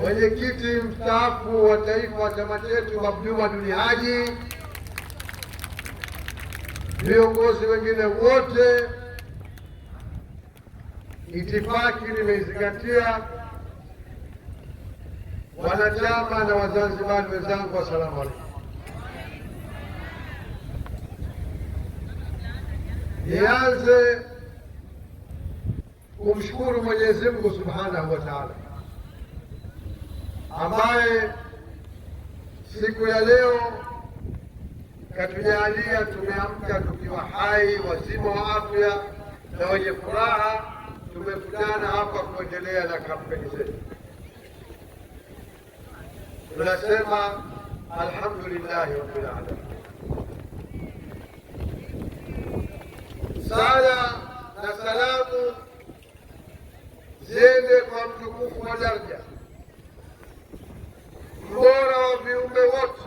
mwenyekiti mstaafu wa taifa wa chama chetu Babu Juma Duni Haji, viongozi wengine wote, itifaki nimeizingatia. Wanachama na Wazanzibari wenzangu, assalamu alaikum. Nianze kumshukuru Mwenyezi Mungu subhanahu wa taala ambaye siku ya leo katujalia tumeamka tukiwa hai, wazima wa afya na wenye furaha. Tumekutana hapa kuendelea na kampeni zetu. Tunasema alhamdulillahi rabbil alamin. Sala na salamu ziende kwa mtukufu wa daraja ubora wa viumbe wote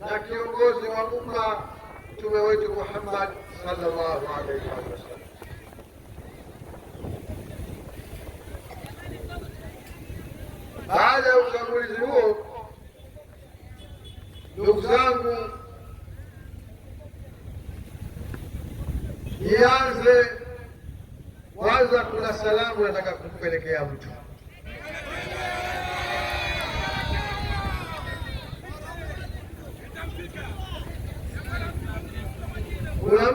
na kiongozi wa umma Mtume wetu Muhammad sallallahu alaihi wasallam. Baada ya utangulizi huo, ndugu zangu, nianze kwanza, kuna salamu nataka kumpelekea mtu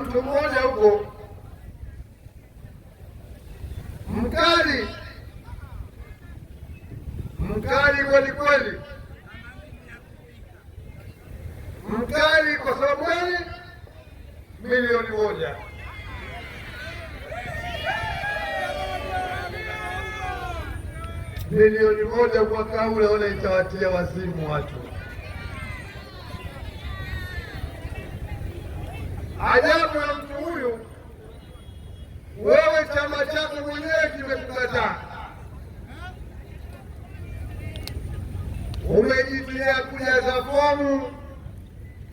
mtu mmoja huko mkali mkali kweli kweli, mkali kwa sababu gani? Milioni moja milioni moja kwa ule, ona itawatia wazimu watu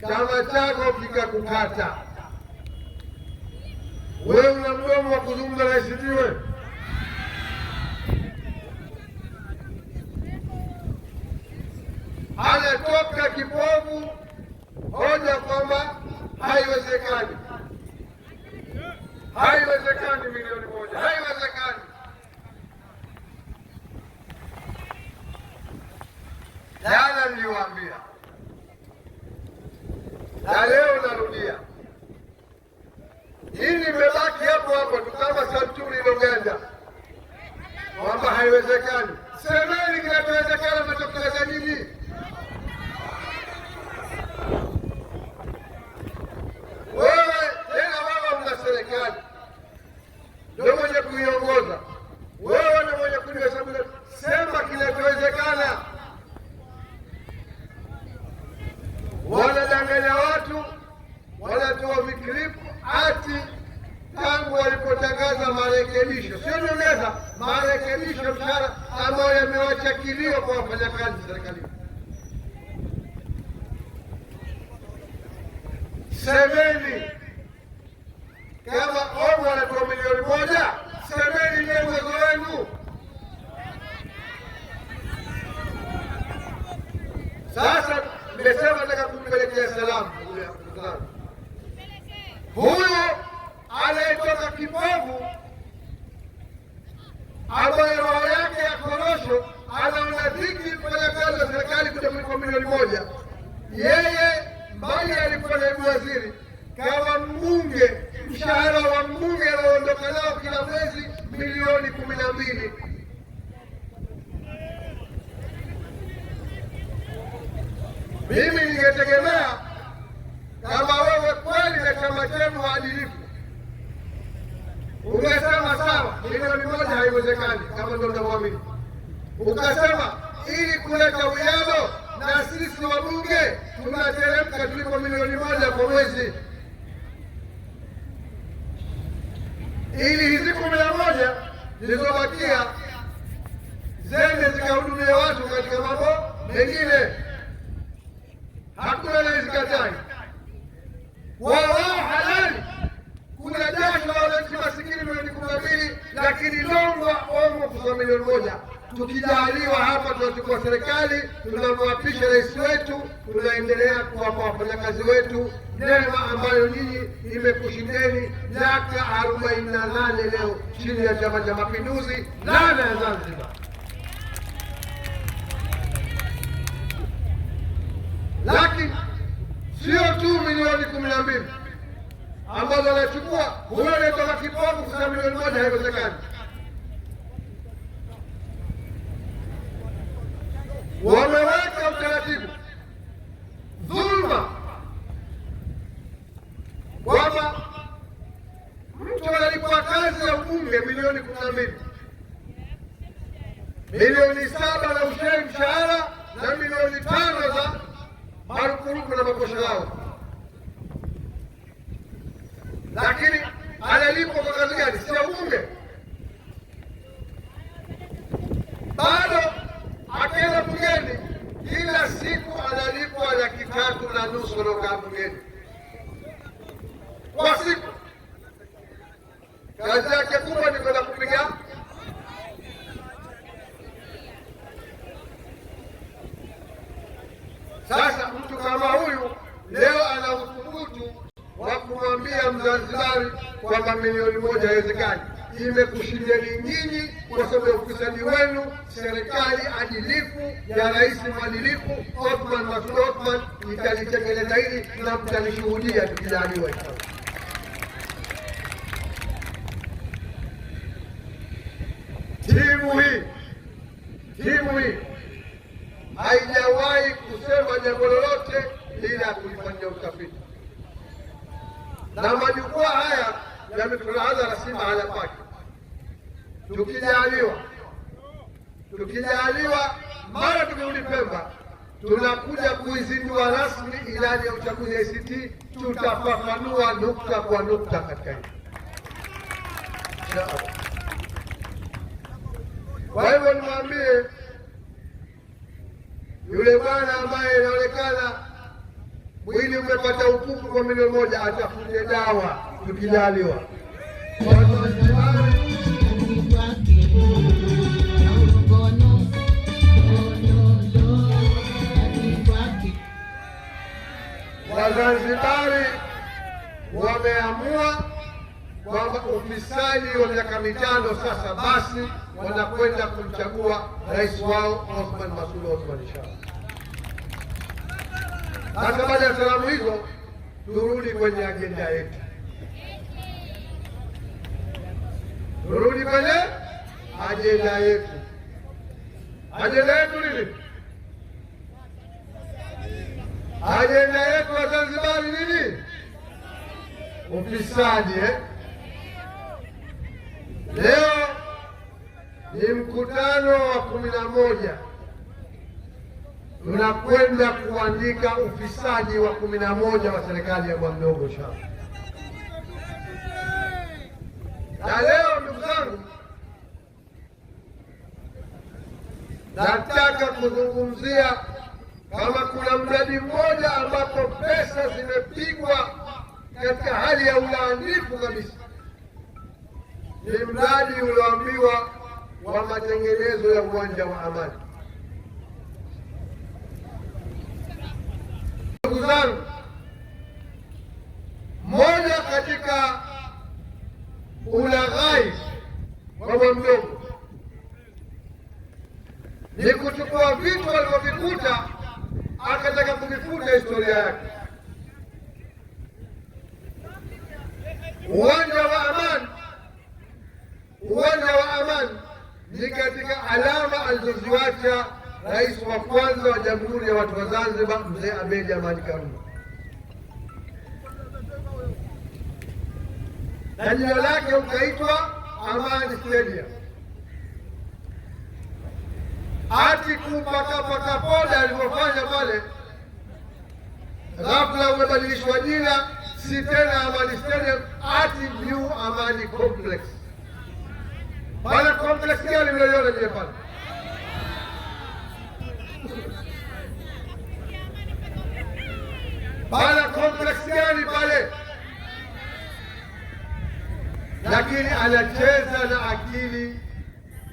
chama chako kikakukata wewe, una mdomo wa kuzungumza na isitiwe anatoka kipofu, hoja kwamba haiwezekani, haiwezekani milioni moja, haiwezekani. Jana niliwaambia na leo narudia, hii, nimebaki hapo hapo tu kama santuri iloganda kwamba haiwezekani. Semeni kinachowezekana, mnatokeleza nini? Who ili hizi kumi na moja zilizobakia zende zikahudumia watu katika mambo mengine. Hakuna anayezikatai wawao halali. Kuna jasho la wananchi masikini milioni kumi na mbili, lakini Longwa omo kwa milioni moja tukijaliwa hapa tunachukua serikali, tunamwapisha rais wetu, tunaendelea kuwapa wafanyakazi wetu neema ambayo nyinyi imekushindeni miaka arobaini na nane leo chini ya Chama cha Mapinduzi, nane ya Zanzibar, lakini sio tu milioni kumi na mbili ambazo anachukua huyo anaitoka laki moja milioni moja haiwezekani. One, one, one. milioni moja haiwezekani. Imekushindeni nyinyi kwa sababu ya ufisadi wenu, serikali adilifu ya rais mwadilifu Othman Masoud Othman italitekeleza hili na mtalishuhudia tukijaliwa. Timu hii timu hii basi mahala pake. Tukijaliwa, tukijaliwa mara tukirudi Pemba, tunakuja kuizindua rasmi ilani ya uchaguzi ya ACT. Tutafafanua nukta kwa nukta katika hili. Kwa hivyo niwaambie yule bwana ambaye inaonekana mwili umepata upungufu kwa milioni moja, atafute dawa tukijaliwa. Wazanzibari wameamua kwamba ufisadi wa miaka mitano sasa basi, wanakwenda kumchagua rais wao Othman Masud Othman Shara. Sasa baada ya salamu hizo, turudi kwenye ajenda yetu, turudi kwenye ajenda yetu. Ajenda yetu nini? ajenda yetu ya zanzibari nini? Ufisadi eh? Leo ni mkutano wa kumi na moja tunakwenda kuandika ufisadi wa kumi na moja wa serikali ya bwana mdogo Na leo ndugu zangu, nataka kuzungumzia kama kuna mradi mmoja ambapo pesa zimepigwa katika hali ya ulaandifu kabisa, ni mradi ulioambiwa wa matengenezo ya uwanja wa Amani. Ndugu zangu, moja katika ulaghai mama mdogo ni kuchukua vitu walivyovikuta akataka kuifuta historia yake. Uwanja wa Amani, uwanja wa aman ni katika alama alizoziwacha rais wa kwanza wa Jamhuri ya Watu wa Zanzibar Mzee Abeid Amani Karume, na jina lake ukaitwa Amani Stadium ati kumpata pata poda alivyofanya pale, ghafla umebadilishwa jina, si tena Amani Stadium, ati New Amani Complex. Bana complex gani mnayoiona nyie pale? Bana complex gani pale? Lakini anacheza na akili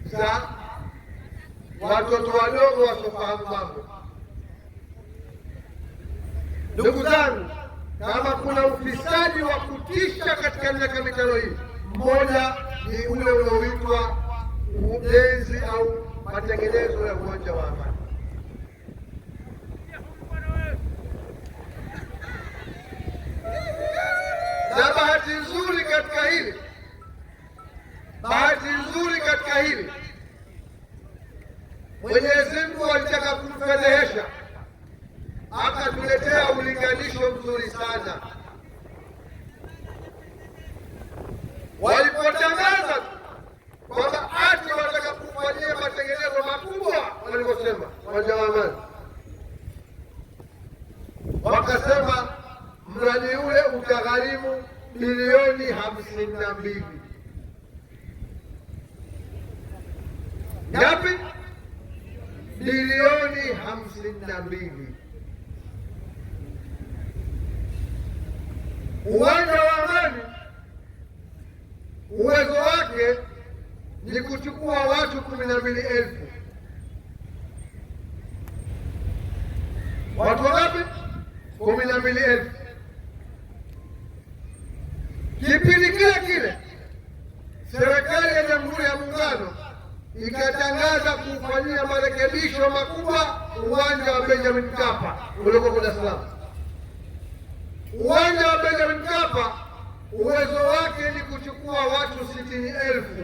za watoto wadogo wasiofahamu mambo. Ndugu zangu, kama kuna ufisadi wa kutisha katika miaka mitano hii, mmoja ni ule unaoitwa ujenzi au matengenezo ya uwanja wa Amani. Na bahati nzuri katika hili, bahati nzuri katika hili Mwenyezi Mungu alitaka kumfedhehesha, akatuletea ulinganisho mzuri sana. Walipotangaza kwamba ati wanataka kufanyia matengenezo makubwa, walivyosema uwanja wa Amani, wakasema mradi ule utagharimu bilioni hamsini na mbili ngapi? bilioni hamsini na mbili. Uwanja wa Amani uwezo wake ni kuchukua watu kumi na mbili elfu. Watu wangapi? kumi na mbili elfu. Kipindi kile kile serikali ya Jamhuri ya Muungano ikatangaza kufanyia marekebisho makubwa uwanja wa Benjamin Mkapa ulioko Dar es Salaam. Uwanja wa Benjamin Mkapa uwezo wake ni kuchukua watu sitini elfu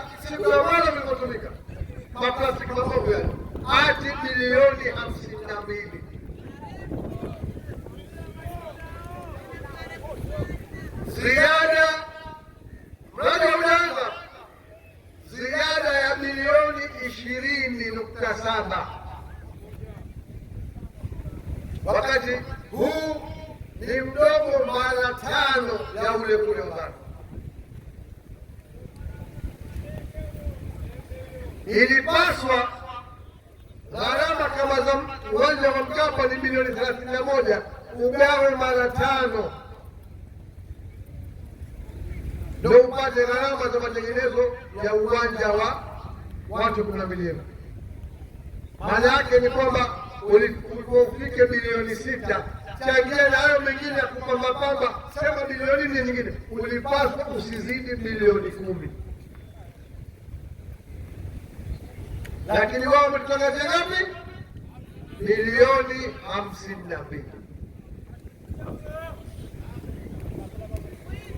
kutumika siku ya wala mikotumika maplastiki mabovu yale hadi bilioni hamsini na mbili. Ziada mradi wa ziada ya bilioni ishirini nukta saba wakati huu ni mdogo mara tano ya ule kule Mdanga. ilipaswa gharama kama za uwanja wa Mkapa ni bilioni thelathini na moja ugawe mara tano ndo upate gharama za matengenezo ya uwanja wa watu kumi na milioni. Maana yake ni kwamba ulipofike bilioni sita changia na hayo mengine ya pamba, sema bilioni nne nyingine, ulipaswa usizidi bilioni kumi. lakini wao wametutangaza ngapi? Milioni hamsini na mbili.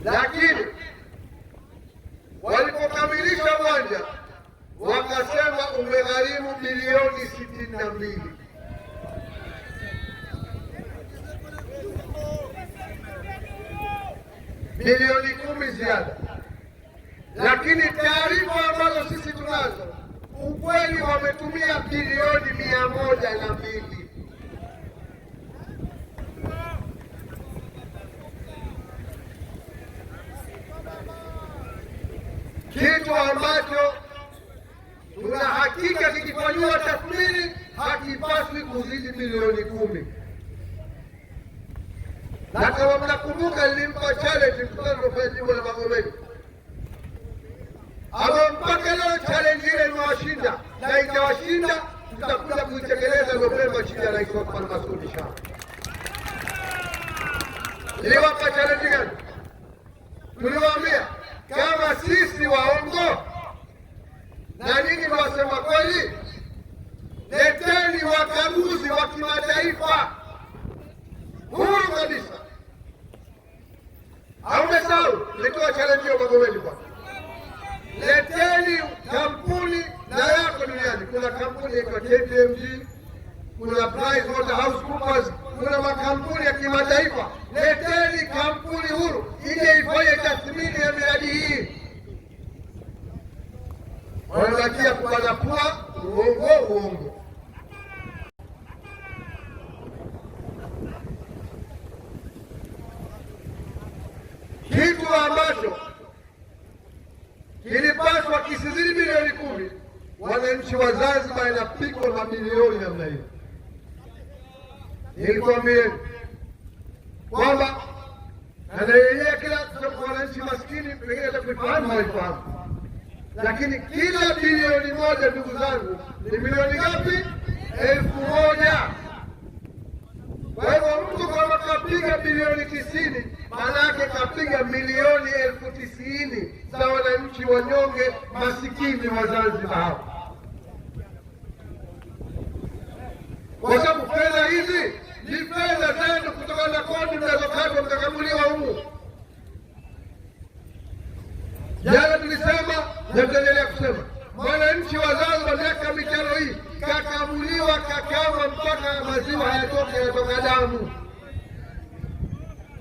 Lakini walipokamilisha mwanja wakasema umegharimu milioni sitini na mbili. Milioni kumi ziada, lakini taarifa ambazo sisi tunazo ukweli wametumia bilioni mia moja na nilitoa challenge hiyo Magomeni kwa leteni kampuni na yako duniani. Kuna kampuni inaitwa KPMG, kuna PricewaterhouseCoopers, kuna makampuni ya kimataifa. Leteni kampuni huru ije ifanye tathmini ya miradi hii. Wanabakia kupana pua uongo uongo kiwa ambacho kilipaswa kisizidi milioni kumi, wananchi wa Zanzibar na milioni namna hiyo. Nilikwambie kwamba anaelea kila wananchi maskini pengine takuifahamu haifahamu, lakini kila bilioni moja, ndugu zangu, ni milioni ngapi? Elfu moja. Kwa hivyo mtu kama kapiga bilioni tisini manake kapiga milioni elfu tisini za wananchi wanyonge masikini wa Zanzibar kwa sababu fedha hizi ni fedha zenu kutokana na kodi mnazokatwa mkakaguliwa humu. Jana tulisema na tutaendelea kusema mwananchi wa Zanzibar miaka mitano hii kakabuliwa kakama mpaka maziwa hayatoke, yatoka damu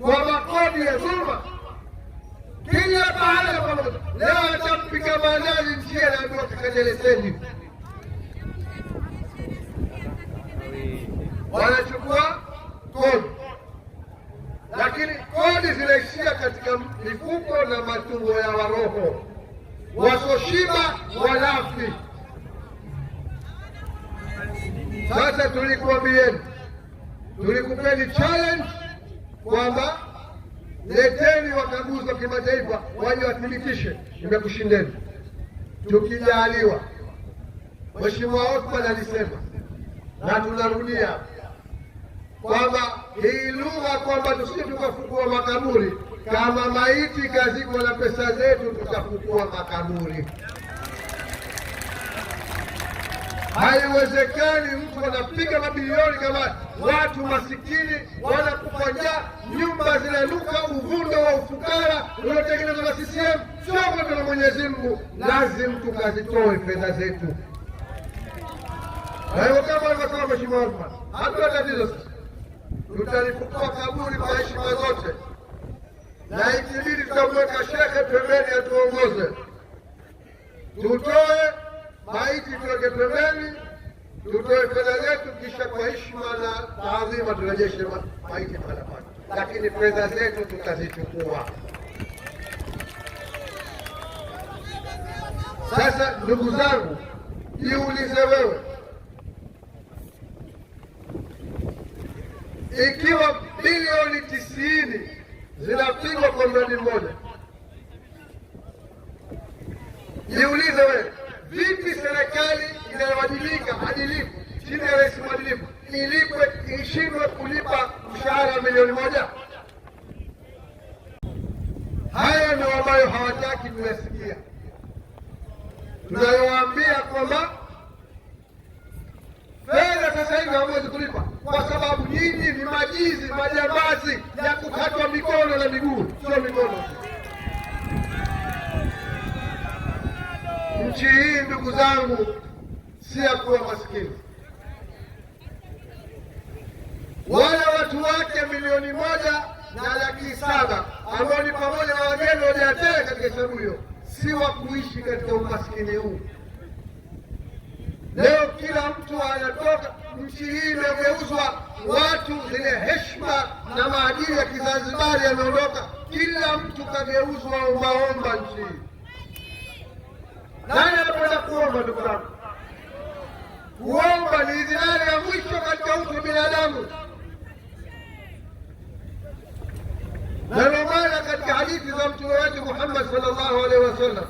kwa kodi ya chuma kila pahala pamoja. Leo atampiga bajaji njia, naambiwa kakate leseni, wanachukua kodi, lakini kodi zinaishia katika mifuko na matumbo ya waroho wasoshiba walafi. Sasa tulikuambieni, tulikupeni challenge kwamba Leteni wakaguzi wa kimataifa waje wathibitishe. Nimekushindeni tukijaaliwa. Mheshimiwa Othman alisema na tunarudia kwamba hii lugha kwamba tusije tukafukua makaburi, kama maiti kazikwa na pesa zetu tutafukua makaburi. Haiwezekani mtu anapiga mabilioni kama watu masikini wanakufa njaa, nyumba zinanuka, uvundo wa ufukara uliotengenezwa na CCM sio kwenda na Mwenyezi Mungu. Lazima tukazitoe fedha zetu. Kwa hiyo kama alivyosema Mheshimiwa Othman, hatuna tatizo sasa, tutalifukua kaburi kwa heshima zote, na ikibidi tutamweka shekhe pembeni atuongoze, tutoe maiti tuweke pembeni, tutoe fedha zetu, kisha kwa heshima na taadhima turejeshe maiti mahala pake, lakini fedha zetu tutazichukua. Sasa ndugu zangu, jiulize wewe, ikiwa bilioni tisini zinapigwa kwa mradi mmoja, jiulize wewe vipi serikali inayowajibika adilifu chini ya rais mwadilifu ilipwe ishindwe kulipa mshahara wa milioni moja? Haya ndio ambayo hawataki tunasikia, tunayowaambia kwamba fedha sasa hivi hamwezi kulipa kwa sababu nyinyi ni majizi, majambazi ya kukatwa mikono na miguu, sio mikono Nchi hii ndugu zangu, si ya kuwa maskini. Wale watu wake milioni moja na laki saba ambao ni pamoja na wageni waliatea katika hesabu hiyo, si wa kuishi katika umaskini huu. Leo kila mtu anatoka, nchi hii imegeuzwa, watu zile heshima na maadili ya Kizanzibari yameondoka, kila mtu kageuzwa ombaomba nchi hii. Nani anapenda kuomba? Ndugu zangu, kuomba ni idhara ya mwisho katika utu binadamu, na ndio maana katika hadithi za mtume wetu Muhammad sallallahu alaihi wasallam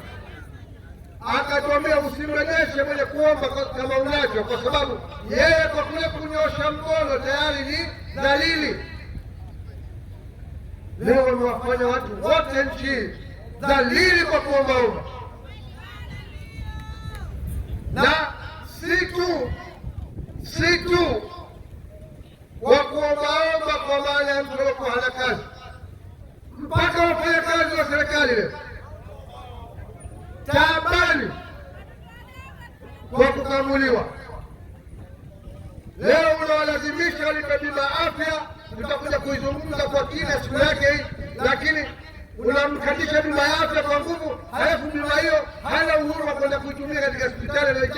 akatuambia usimrejeshe mwenye kuomba kama unacho, kwa sababu yeye kwa kule kunyosha mkono tayari ni dalili Leo niwafanya watu wote nchi dalili kwa kuombaomba.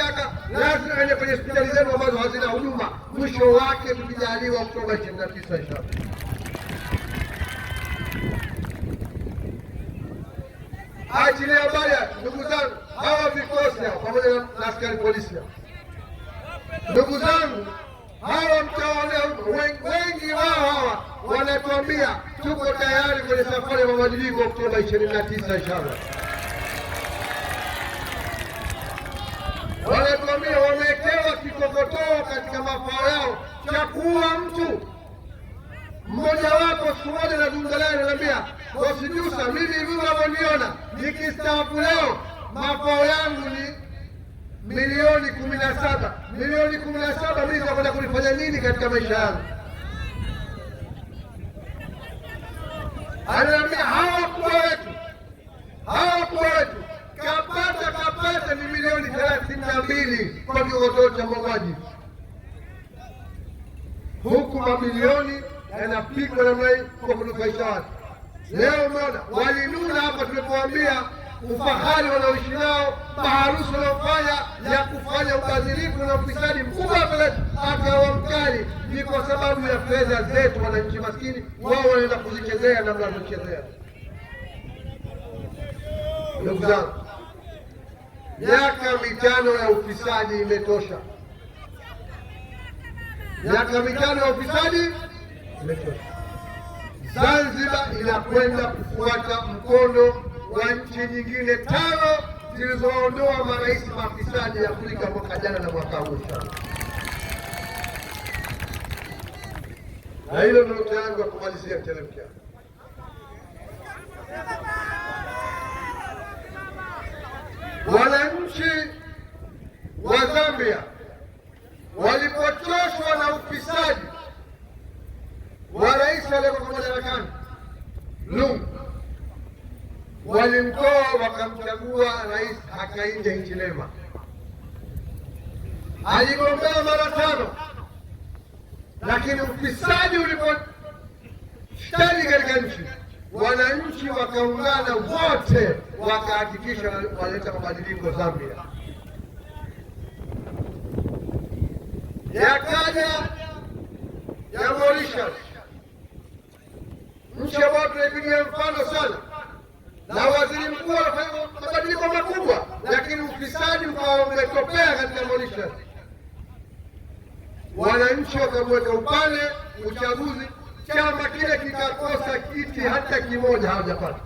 taka lazima aende kwenye hospitali zenu ambazo hazina huduma. Mwisho wake tukijaliwa, Oktoba 29 inshallah. Achilia habari, ndugu zangu, hawa vikosi pamoja na askari polisi, ndugu zangu hawa mtawaonea wengi wao hawa wanatuambia tuko tayari kwenye safari ya mabadiliko Oktoba 29 inshallah. nikistaafu leo mafao yangu ni milioni kumi na saba milioni kumi na saba mimi nitakwenda kunifanya nini katika maisha yangu? Anaambia hawakuwa wetu, hawakuwa wetu. Kapata kapata ni milioni thelathini na mbili kwa kikokotoo cha mauaji, huku mamilioni yanapigwa namna hii kwa kunufaisha watu leo umeona walinuna hapa, tumekuambia ufahari wanaoishi nao, maharusi wanaofanya ya kufanya ubadhirifu na ufisadi mkubwa pale akawa mkali, ni kwa sababu ya fedha zetu. Wananchi maskini wao wanaenda kuzichezea namna wanaochezea. Ndugu zangu, miaka mitano ya ufisadi imetosha. Miaka mitano ya ufisadi imetosha. Zanzibar inakwenda kufuata mkondo wa nchi nyingine tano zilizoondoa marais mafisadi ya Afrika mwaka jana na mwaka huu, na hilo ndio tayari kumalizia teremkia. Wananchi wa Zambia walipochoshwa na ufisadi wa rais aliyokuwa madarakani Lungu walimtoa wakamchagua rais Hakainde Hichilema. Aligombea mara tano, lakini ufisadi ulipostadi katika nchi, wananchi wakaungana wote, wakahakikisha waleta mabadiliko Zambia. Yakaja ya Mauritius nchi ambayo tunaipigia mfano sana, na waziri mkuu anafanya mabadiliko makubwa, lakini ufisadi ukawa umetopea katika maisha wananchi, wakamweka upande uchaguzi, chama kile kikakosa kiti hata kimoja hawajapata,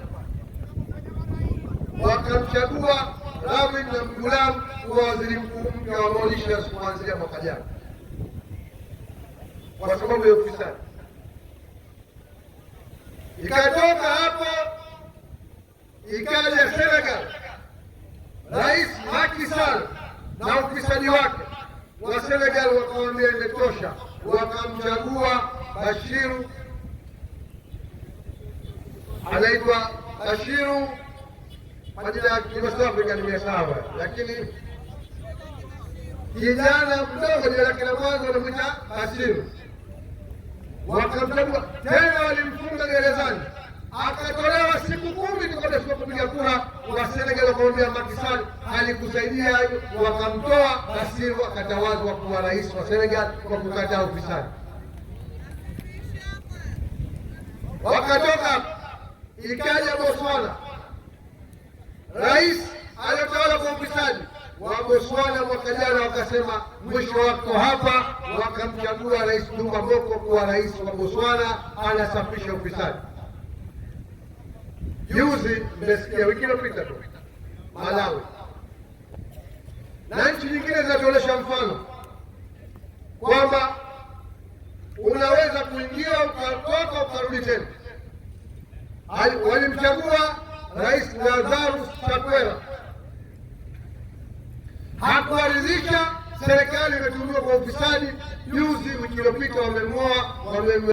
wakamchagua Lamin na Mgulam kuwa waziri mkuu mpya wa Mauritius kuanzia mwaka jana, kwa sababu ya ufisadi. Ikatoka hapo ikaja Senegal, Rais Macky Sall na ufisadi wake wa Senegal wakawambia imetosha, wakamchagua Bashiru, anaitwa Bashiru majina nimesahau, lakini kijana mdogo jina lake la mwanzo wanamwita Bashiru, wakamchagua tena wali gerezani, akatolewa siku kumi tukodeshwa kupiga kura, Wasenegele wakaombea Makisali alikusaidia wakamtoa, Basiri akatawazwa kuwa rais wa Senegal kwa kukataa ufisadi. Wakatoka ikaja Botswana, rais aliyotawala kwa ufisadi Waboswana mwaka jana wakasema mwisho wako hapa, wakamchagua Rais Duma Boko kuwa rais wa Boswana, anasafisha ufisadi. Juzi mmesikia, wiki iliyopita tu Malawi na nchi nyingine zinatuonyesha mfano kwamba unaweza kuingia ukatoka ukarudi tena. Walimchagua Rais Lazarus Chakwera hakuaridhika. Serikali imetumiwa kwa ufisadi. Juzi wiki iliyopita wamemoa wame